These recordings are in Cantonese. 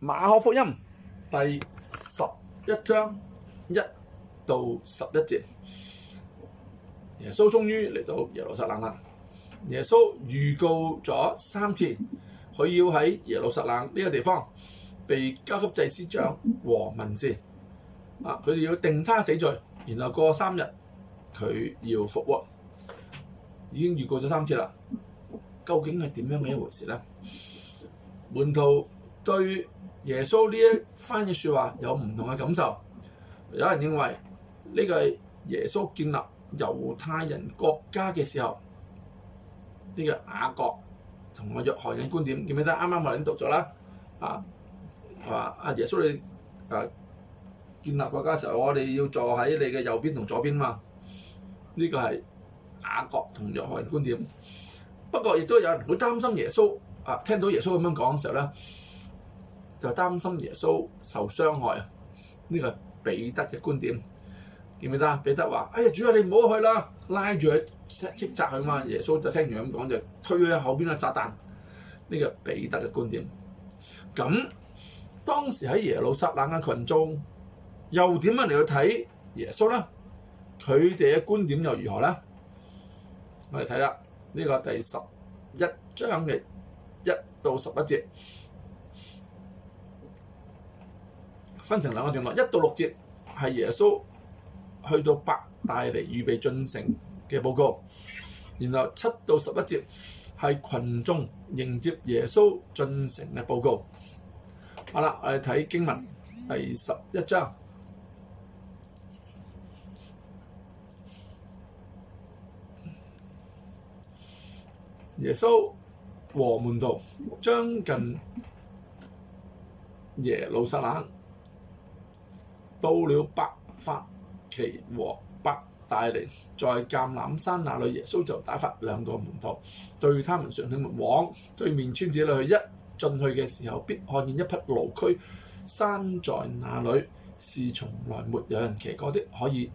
馬可福音第十一章一到十一節，耶穌終於嚟到耶路撒冷啦。耶穌預告咗三次，佢要喺耶路撒冷呢個地方被交給祭，祭司長和文士。啊，佢哋要定他死罪，然後過三日佢要復活，已經預告咗三次啦。究竟係點樣嘅一回事咧？門徒對耶穌呢一番嘅説話有唔同嘅感受，有人認為呢個係耶穌建立猶太人國家嘅時候，呢個雅各同我約翰嘅觀點記唔記得？啱啱我哋讀咗啦，啊係嘛？阿、啊、耶穌你誒、啊、建立國家嘅時候，我哋要坐喺你嘅右邊同左邊嘛？呢個係雅各同約翰嘅觀點。不過亦都有人會擔心耶穌啊，聽到耶穌咁樣講嘅時候咧。就擔心耶穌受傷害啊！呢個係彼得嘅觀點，記唔記得？彼得話：哎呀，主啊，你唔好去啦，拉住佢，斥責佢嘛！耶穌就聽完咁講，就退去後邊嘅撒但。呢個係彼得嘅觀點。咁當時喺耶路撒冷嘅群眾，又點樣嚟去睇耶穌啦？佢哋嘅觀點又如何啦？我哋睇下呢個第十一章嘅一到十一節。分成兩個段落，一到六節係耶穌去到伯大尼預備進城嘅報告，然後七到十一節係群眾迎接耶穌進城嘅報告。好啦，我哋睇經文第十一章，耶穌和門徒將近耶路撒冷。到了伯法其和伯大尼，在橄欖山那裏，耶穌就打發兩個門徒對他們説：往對面村子裏去。一進去嘅時候，必看見一匹驢駒拴在那裏，是從來沒有人騎過的，可以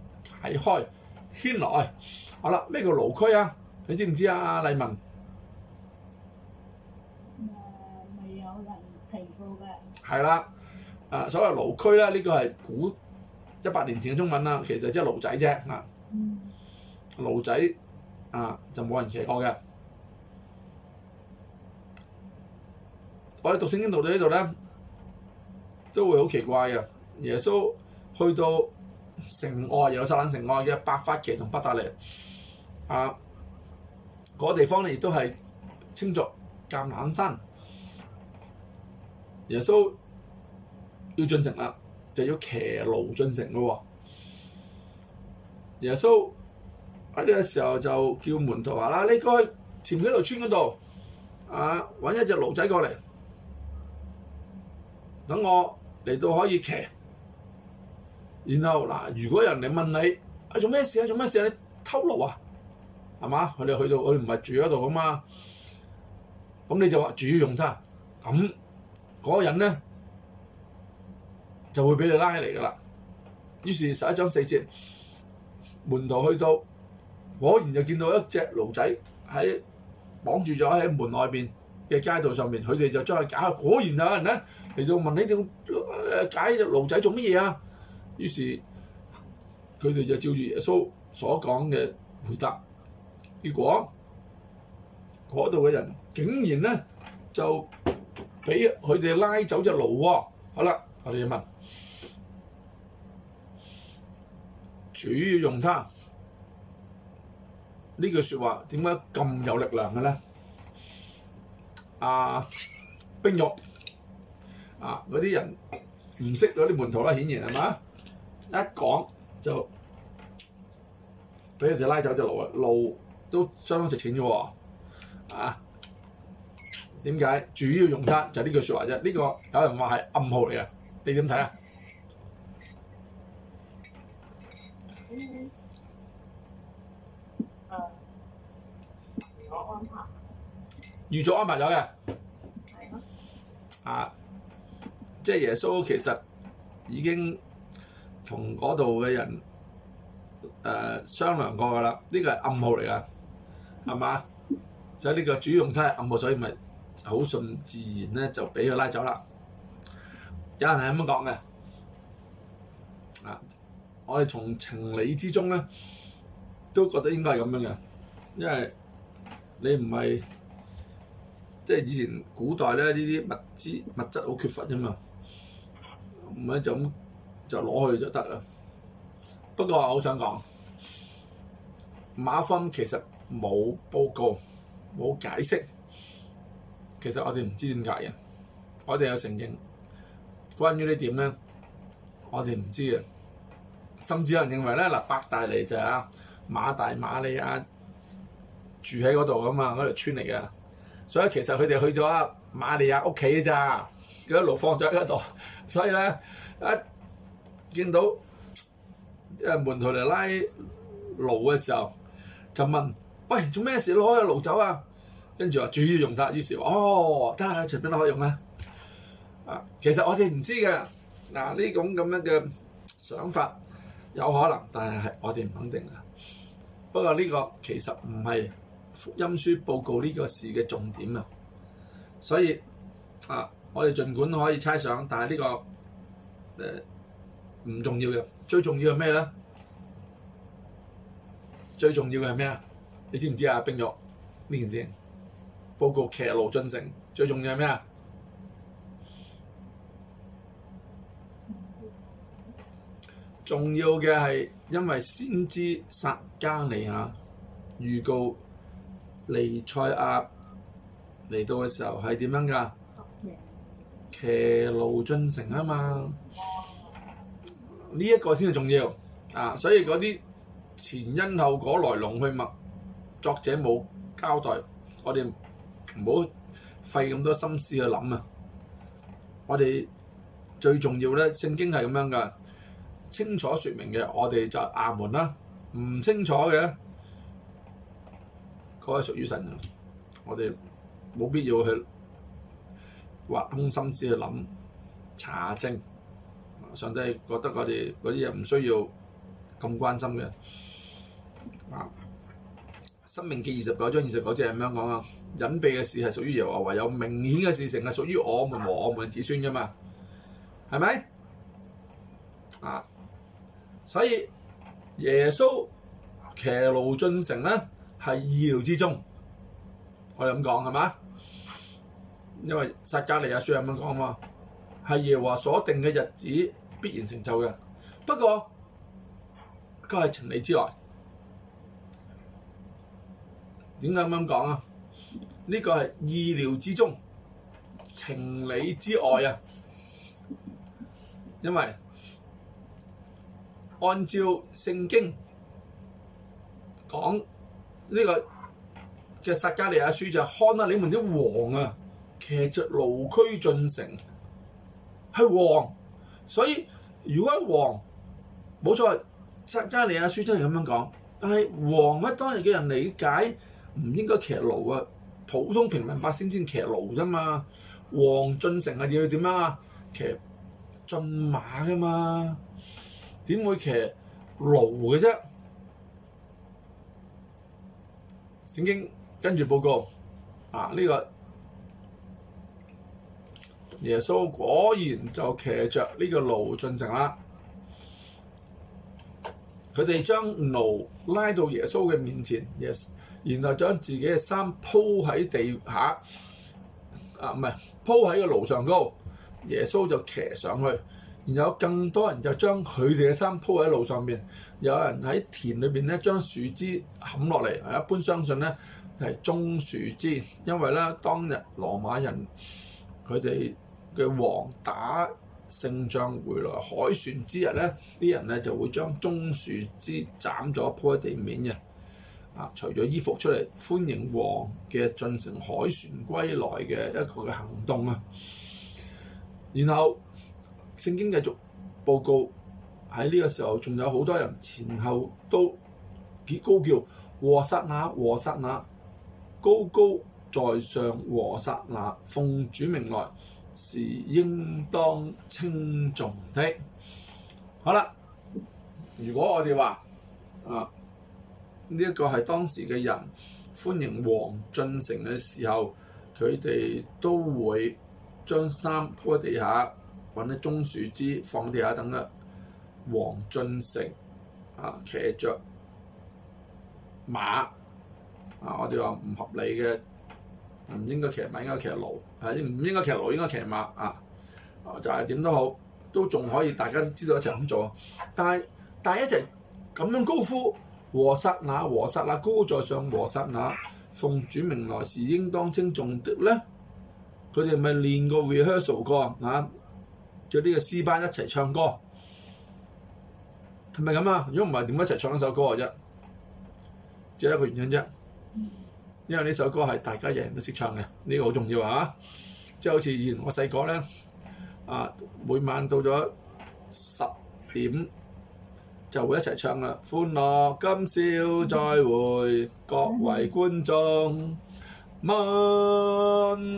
解開牽來。好啦，咩叫驢駒啊？你知唔知啊，麗文？嗯、未有人提過㗎。係啦、啊，所謂驢駒啦，呢、這個係古。一百年前嘅中文啦，啊，其實即係奴仔啫，啊，啊、嗯，奴仔啊就冇人騎過嘅。我哋讀聖經讀到呢度咧，都會好奇怪嘅。耶穌去到城外，耶路撒冷城外嘅伯法其同伯大尼啊，嗰、那個、地方咧，亦都係稱作橄欖山。耶穌要進入撒就要騎驢進城咯喎！耶穌喺呢個時候就叫門徒話啦：你過去前邊條村嗰度啊，揾一隻驢仔過嚟，等我嚟到可以騎。然後嗱、啊，如果有人嚟問你：啊，做咩事啊？做咩事啊？你偷驢啊？係嘛？佢哋去到，佢哋唔係住喺度啊嘛。咁你就話住要用得。咁嗰個人咧？就會俾你拉起嚟噶啦。於是十一章四節，門徒去到，果然就見到一隻驢仔喺綁住咗喺門外邊嘅街道上面。佢哋就將佢解，果然有人咧嚟到問，你條解呢隻驢仔做乜嘢啊？於是佢哋就照住耶穌所講嘅回答，結果嗰度嘅人竟然咧就俾佢哋拉走隻驢喎。好啦，我哋就問。主要用它呢句說話，點解咁有力量嘅咧？啊，冰玉啊，嗰啲人唔識嗰啲門徒啦，顯然係嘛？一講就俾佢哋拉走路，就路路都相當值錢嘅喎、啊。啊，點解主要用它就呢句說話啫？呢、這個有人話係暗號嚟嘅，你點睇啊？預早安排咗嘅，啊，即係耶穌其實已經同嗰度嘅人誒、呃、商量過㗎啦。呢個係暗號嚟㗎，係嘛？所以呢個主用都係暗號，所以咪好順自然咧，就俾佢拉走啦。有人係咁樣講嘅，啊，我哋從情理之中咧，都覺得應該係咁樣嘅，因為你唔係。即係以前古代咧，呢啲物資物質好缺乏啫嘛，唔係就咁就攞去就得啦。不過我好想講，馬芬其實冇報告，冇解釋，其實我哋唔知點解嘅。我哋有承認關於呢點咧，我哋唔知嘅。甚至有人認為咧，嗱，伯大尼就係馬大馬利亞住喺嗰度啊嘛，嗰條村嚟嘅。所以其實佢哋去咗阿瑪利亞屋企咋，佢一路放咗喺嗰度。所以咧一見到啲人門徒嚟拉籮嘅時候，就問：喂，做咩事攞個籮走啊？跟住話：說主要用㗎。於是話：哦，得啦，隨便都可以用啦。啊，其實我哋唔知嘅，嗱呢種咁樣嘅想法有可能，但係我哋唔肯定啊。不過呢個其實唔係。福音書報告呢個事嘅重點啊，所以啊，我哋儘管可以猜想，但係呢、呢個誒唔、呃、重要嘅。最重要係咩咧？最重要嘅係咩啊？你知唔知啊，冰玉呢件事報告騎驢進城，最重要係咩啊？重要嘅係因為先知撒迦利亞預告。彌賽亞嚟到嘅時候係點樣㗎？騎驢進城啊嘛，呢一個先係重要啊！所以嗰啲前因後果、來龍去脈，作者冇交代，我哋唔好費咁多心思去諗啊！我哋最重要咧，聖經係咁樣噶，清楚説明嘅，我哋就阿門啦。唔清楚嘅。嗰個屬於神，我哋冇必要去挖空心思去諗查證，上帝覺得我哋嗰啲嘢唔需要咁關心嘅。啊，申命記二十九章二十九節咁樣講啊，隱秘嘅事係屬於耶和華，唯有明顯嘅事成係屬於我們和我們嘅子孫㗎嘛，係咪？啊，所以耶穌騎驢進城咧。係意料之中，我哋咁講係嘛？因為《撒迦利亞書》咁樣講喎，係耶和華所定嘅日子，必然成就嘅。不過，佢係情理之外。點解咁樣講啊？呢個係意料之中，情理之外啊！因為按照聖經講。呢、這個嘅撒加利亞書就係看啊，你們啲王啊，騎着驢駒進城係王，所以如果係王冇錯，撒加利亞書真係咁樣講，但係王乜、啊、當日嘅人理解唔應該騎驢啊，普通平民百姓先騎驢啫嘛，王進城要嘢點啊，騎駿馬㗎嘛，點會騎驢嘅啫？聖經跟住報告，啊呢個耶穌果然就騎着呢個驢進城啦。佢哋將驢拉到耶穌嘅面前，耶穌然後將自己嘅衫鋪喺地下，啊唔係鋪喺個路上高，耶穌就騎上去。然後更多人就將佢哋嘅衫鋪喺路上面。有人喺田裏邊咧將樹枝冚落嚟。一般相信咧係棕樹枝，因為咧當日羅馬人佢哋嘅王打勝仗回來凱旋之日咧，啲人咧就會將棕樹枝斬咗鋪喺地面嘅啊，除咗衣服出嚟歡迎王嘅進城凱旋歸來嘅一個嘅行動啊，然後。聖經繼續報告喺呢個時候，仲有好多人前後都高叫，和散那，和散那，高高在上，和散那，奉主名來是應當稱重的。好啦，如果我哋話啊，呢、這、一個係當時嘅人歡迎王進成嘅時候，佢哋都會將衫鋪喺地下。揾啲棕樹枝放地下，等個黃進成啊騎着馬啊。我哋話唔合理嘅，唔應該騎馬，應該騎驢，係唔應該騎驢，應該騎馬啊。就係點都好都仲可以，大家都知道一齊咁做。但係但係一直咁樣高呼和散那和散那高高在上和散那奉主名來時，應當稱頌的咧。佢哋咪練過 rehearsal 嗰啊？叫呢個 C 班一齊唱歌，係咪咁啊？如果唔係，點一齊唱一首歌嘅啫？只係一個原因啫。因為呢首歌係大家人人都識唱嘅，呢個好重要啊！即係好似以前我細個咧，啊每晚到咗十點就會一齊唱啦。歡樂今宵再會，各位觀眾，晚安。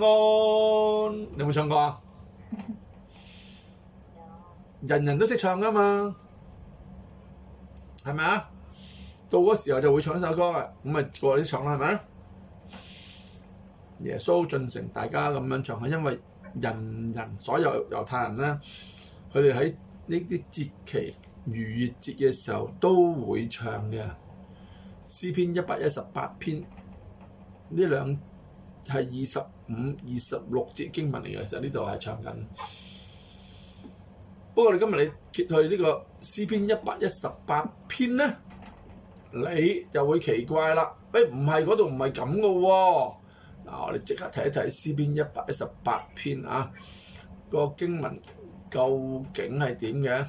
你有冇唱歌啊？人人都識唱噶嘛，係咪啊？到嗰時候就會唱呢首歌嘅，咁咪過嚟唱啦，係咪啊？耶穌進城，大家咁樣唱，係因為人人所有猶太人咧，佢哋喺呢啲節期逾越節嘅時候都會唱嘅。詩篇一百一十八篇呢兩係二十五、二十六節經文嚟嘅，其實呢度係唱緊。不過你今日你揭去個呢個詩篇一百一十八篇咧，你就會奇怪啦。誒、哎，唔係嗰度唔係咁嘅喎。嗱、哦啊，我哋即刻睇一睇詩篇一百一十八篇啊，個經文究竟係點嘅？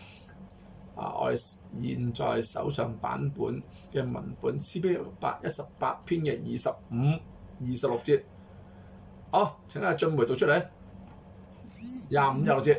啊，我哋現在手上版本嘅文本詩篇一百一十八篇嘅二十五、二十六節。好、啊，請阿俊梅讀出嚟，廿五、廿六節。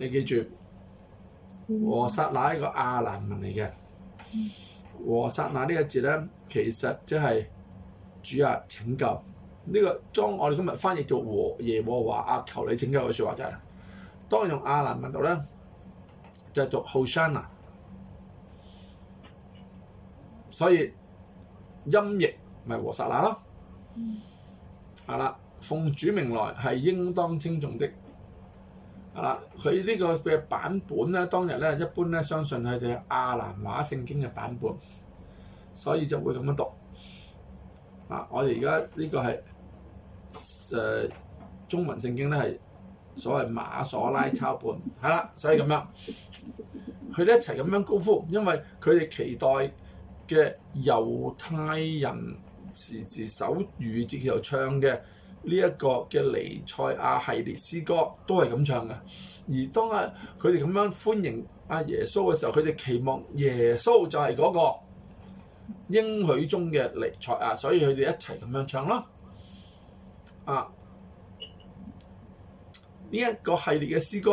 你記住，和散那係一個亞蘭文嚟嘅。和散那呢個字咧，其實即係主啊，拯救。呢、這個當我哋今日翻譯做和耶和華啊，求你拯救嘅説話，就係、是，當用亞蘭文讀咧，就係、是、做 hosanna，所以音譯咪和散那咯。係啦，奉主名來係應當稱頌的。啊！佢呢個嘅版本咧，當日咧一般咧相信佢哋係亞蘭話聖經嘅版本，所以就會咁樣讀。啊！我哋而家呢個係誒、啊、中文聖經咧，係所謂馬索拉抄本，係、啊、啦，所以咁樣佢哋一齊咁樣高呼，因為佢哋期待嘅猶太人時時手語接住唱嘅。呢一個嘅尼賽亞系列詩歌都係咁唱嘅，而當阿，佢哋咁樣歡迎阿，耶穌嘅時候，佢哋期望耶穌就係嗰個應許中嘅尼賽亞，所以佢哋一齊咁樣唱咯。啊，呢一個系列嘅詩歌，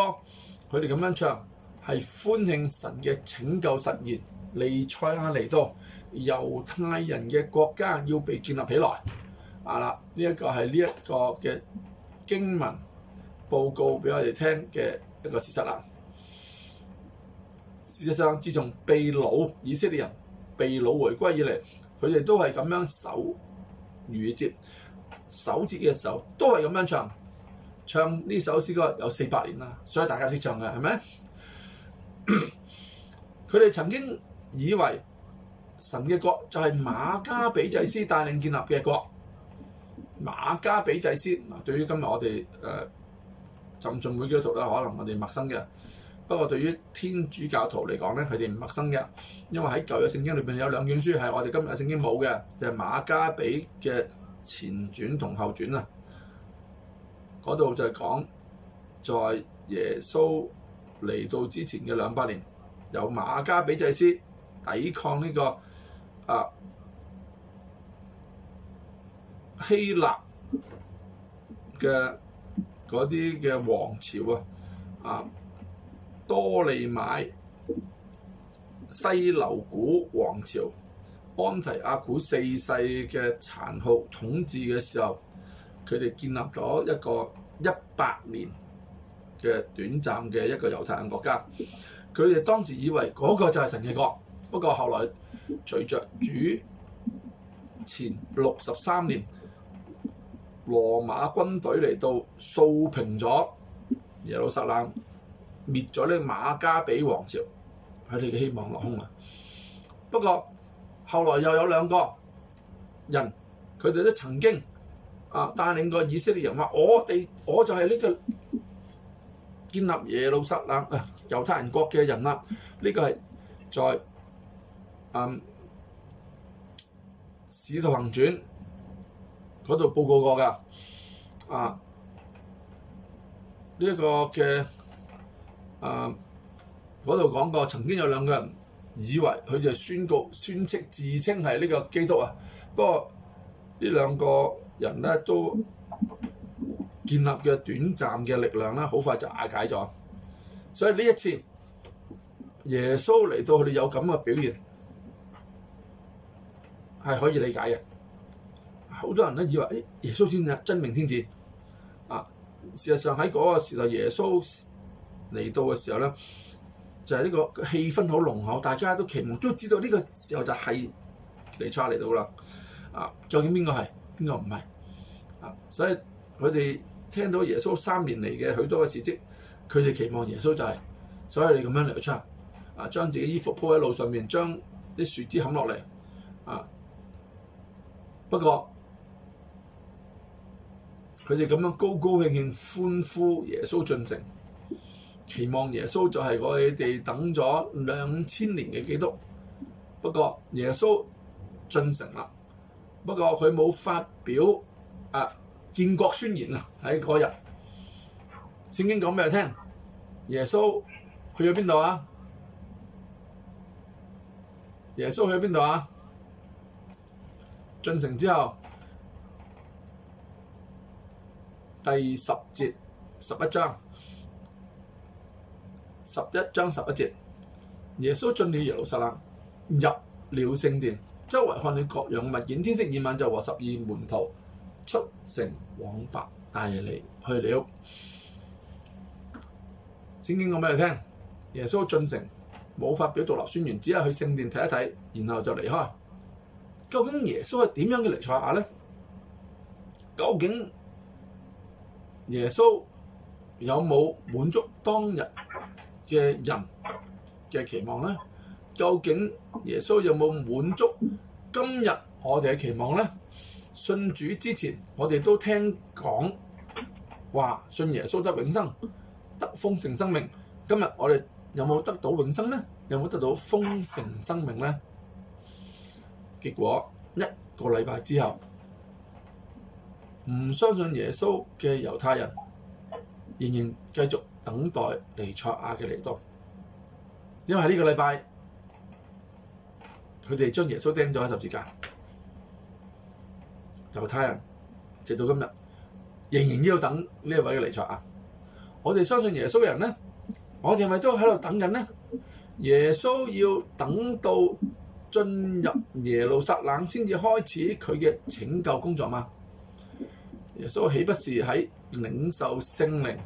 佢哋咁樣唱係歡慶神嘅拯救實現，尼賽亞尼多，猶太人嘅國家要被建立起來。啊啦！呢、這個、一個係呢一個嘅經文報告俾我哋聽嘅一個事實啦。事實上，自從被擄以色列人被擄回歸以嚟，佢哋都係咁樣守逾節、守節嘅時候，都係咁樣唱唱呢首詩歌有四百年啦。所以大家識唱嘅係咪？佢哋 曾經以為神嘅國就係馬加比祭司帶領建立嘅國。馬加比祭司，對於今日我哋誒、啊、浸信會基督徒咧，可能我哋陌生嘅。不過對於天主教徒嚟講咧，佢哋唔陌生嘅，因為喺舊約聖經裏邊有兩卷書係我哋今日嘅聖經冇嘅，就係、是、馬加比嘅前傳同後傳啊。嗰度就係講在耶穌嚟到之前嘅兩百年，有馬加比祭司抵抗呢、這個啊。希臘嘅嗰啲嘅王朝啊，啊多利買西流古王朝、安提阿古四世嘅殘酷統治嘅時候，佢哋建立咗一個一百年嘅短暫嘅一個猶太人國家。佢哋當時以為嗰個就係神嘅國，不過後來隨着主前六十三年，羅馬軍隊嚟到掃平咗耶路撒冷，滅咗呢馬加比王朝，佢哋嘅希望落空啊！不過後來又有兩個人，佢哋都曾經啊帶領過以色列人話：我哋我就係呢個建立耶路撒冷啊猶太人國嘅人啦！呢、這個係在嗯《使徒行傳》。嗰度報告過㗎，啊，呢、這、一個嘅，啊，嗰度講過曾經有兩個人以為佢就宣告宣稱自稱係呢個基督啊，不過呢兩個人咧都建立嘅短暫嘅力量咧，好快就瓦解咗，所以呢一次耶穌嚟到佢哋有咁嘅表現係可以理解嘅。好多人咧以為，誒、哎、耶穌先至係真命天子啊！事實上喺嗰個時代，耶穌嚟到嘅時候咧，就係、是、呢個氣氛好濃厚，大家都期望都知道呢個時候就係彌賽亞嚟到啦。啊，究竟邊個係？邊個唔係？啊，所以佢哋聽到耶穌三年嚟嘅許多嘅事蹟，佢哋期望耶穌就係、是，所以你咁樣彌賽亞啊，將自己衣服鋪喺路上面，將啲樹枝冚落嚟啊。不過，佢哋咁樣高高興興歡呼耶穌進城，期望耶穌就係我哋等咗兩千年嘅基督。不過耶穌進城啦，不過佢冇發表啊建國宣言啦喺嗰日。聖經講畀你聽：耶穌去咗邊度啊？耶穌去咗邊度啊？進城之後。第十節，十一章，十一章十一節，耶穌進了耶路撒冷，入了聖殿，周圍看了各樣物件。天色已晚，就和十二門徒出城往伯大尼去了。先講個俾你聽，耶穌進城冇發表獨立宣言，只係去聖殿睇一睇，然後就離開。究竟耶穌係點樣嘅彌賽亞呢？究竟？耶穌有冇滿足當日嘅人嘅期望呢？究竟耶穌有冇滿足今日我哋嘅期望呢？信主之前我哋都聽講話信耶穌得永生，得豐盛生命。今日我哋有冇得到永生呢？有冇得到豐盛生命呢？結果一個禮拜之後，唔相信耶穌嘅猶太人仍然繼續等待彌賽亞嘅嚟到，因為呢個禮拜佢哋將耶穌釘咗喺十字架。猶太人直到今日仍然要等呢一位嘅彌賽亞。我哋相信耶穌嘅人咧，我哋係咪都喺度等緊咧？耶穌要等到進入耶路撒冷先至開始佢嘅拯救工作嘛。耶穌豈不是喺領受聖靈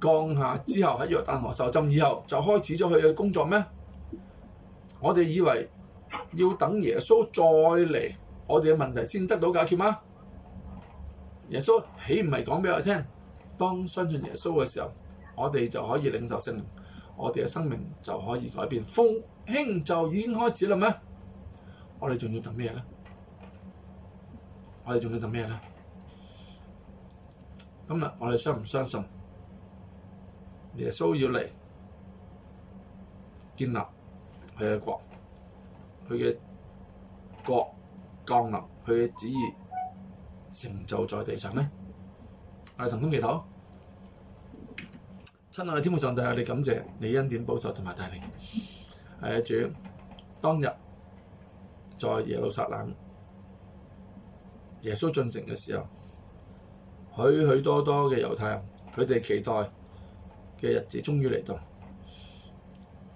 降下之後，喺約旦河受浸以後，就開始咗佢嘅工作咩？我哋以為要等耶穌再嚟，我哋嘅問題先得到解決嗎？耶穌豈唔係講俾我哋聽，當相信耶穌嘅時候，我哋就可以領受聖靈，我哋嘅生命就可以改變，復興就已經開始啦咩？我哋仲要等咩咧？我哋仲要等咩咧？今日我哋相唔相信耶穌要嚟建立佢嘅國，佢嘅國降臨，佢嘅旨意成就在地上咧，我哋同心祈禱。親愛嘅天父上帝，我哋感謝你恩典保守同埋帶領，係啊主！當日在耶路撒冷，耶穌進城嘅時候。許許多多嘅猶太人，佢哋期待嘅日子終於嚟到，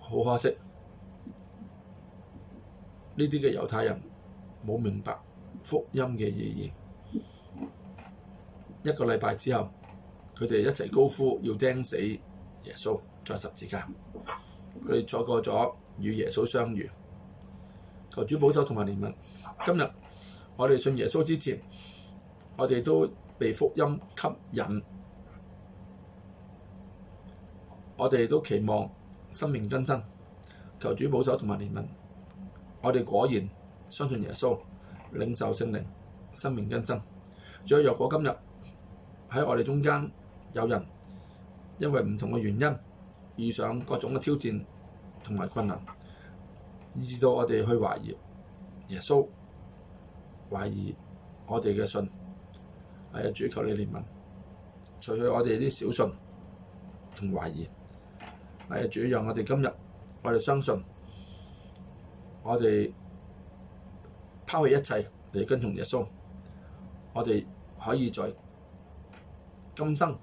好可惜呢啲嘅猶太人冇明白福音嘅意義。一個禮拜之後，佢哋一齊高呼要釘死耶穌在十字架，佢哋錯過咗與耶穌相遇。求主保守同埋憐憫。今日我哋信耶穌之前，我哋都。被福音吸引，我哋都期望生命更新，求主保守同埋憐憫。我哋果然相信耶穌，領受聖靈，生命更新。仲有若果今日喺我哋中間有人因為唔同嘅原因遇上各種嘅挑戰同埋困難，以致到我哋去懷疑耶穌，懷疑我哋嘅信。係啊！主，求你憐憫，除去我哋啲小信同懷疑。係啊！主，讓我哋今日，我哋相信，我哋拋棄一切嚟跟從耶穌。我哋可以在今生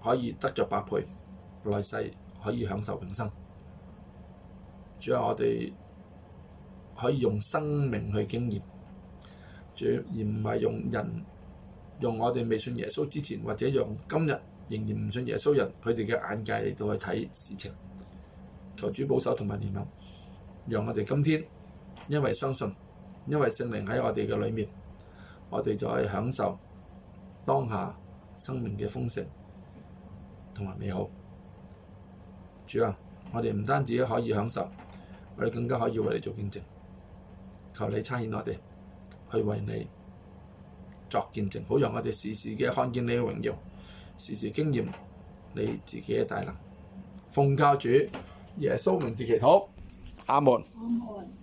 可以得着百倍，來世可以享受永生。主啊！我哋可以用生命去經驗，主而唔係用人。用我哋未信耶穌之前，或者用今日仍然唔信耶穌人佢哋嘅眼界嚟到去睇事情，求主保守同埋憐憫，讓我哋今天因為相信，因為聖靈喺我哋嘅裏面，我哋就係享受當下生命嘅豐盛同埋美好。主啊，我哋唔單止可以享受，我哋更加可以為你做見證，求你差遣我哋去為你。作見證，好讓我哋時時嘅看見你嘅榮耀，時時經驗你自己嘅大能。奉救主耶穌名字祈禱，阿門。阿門。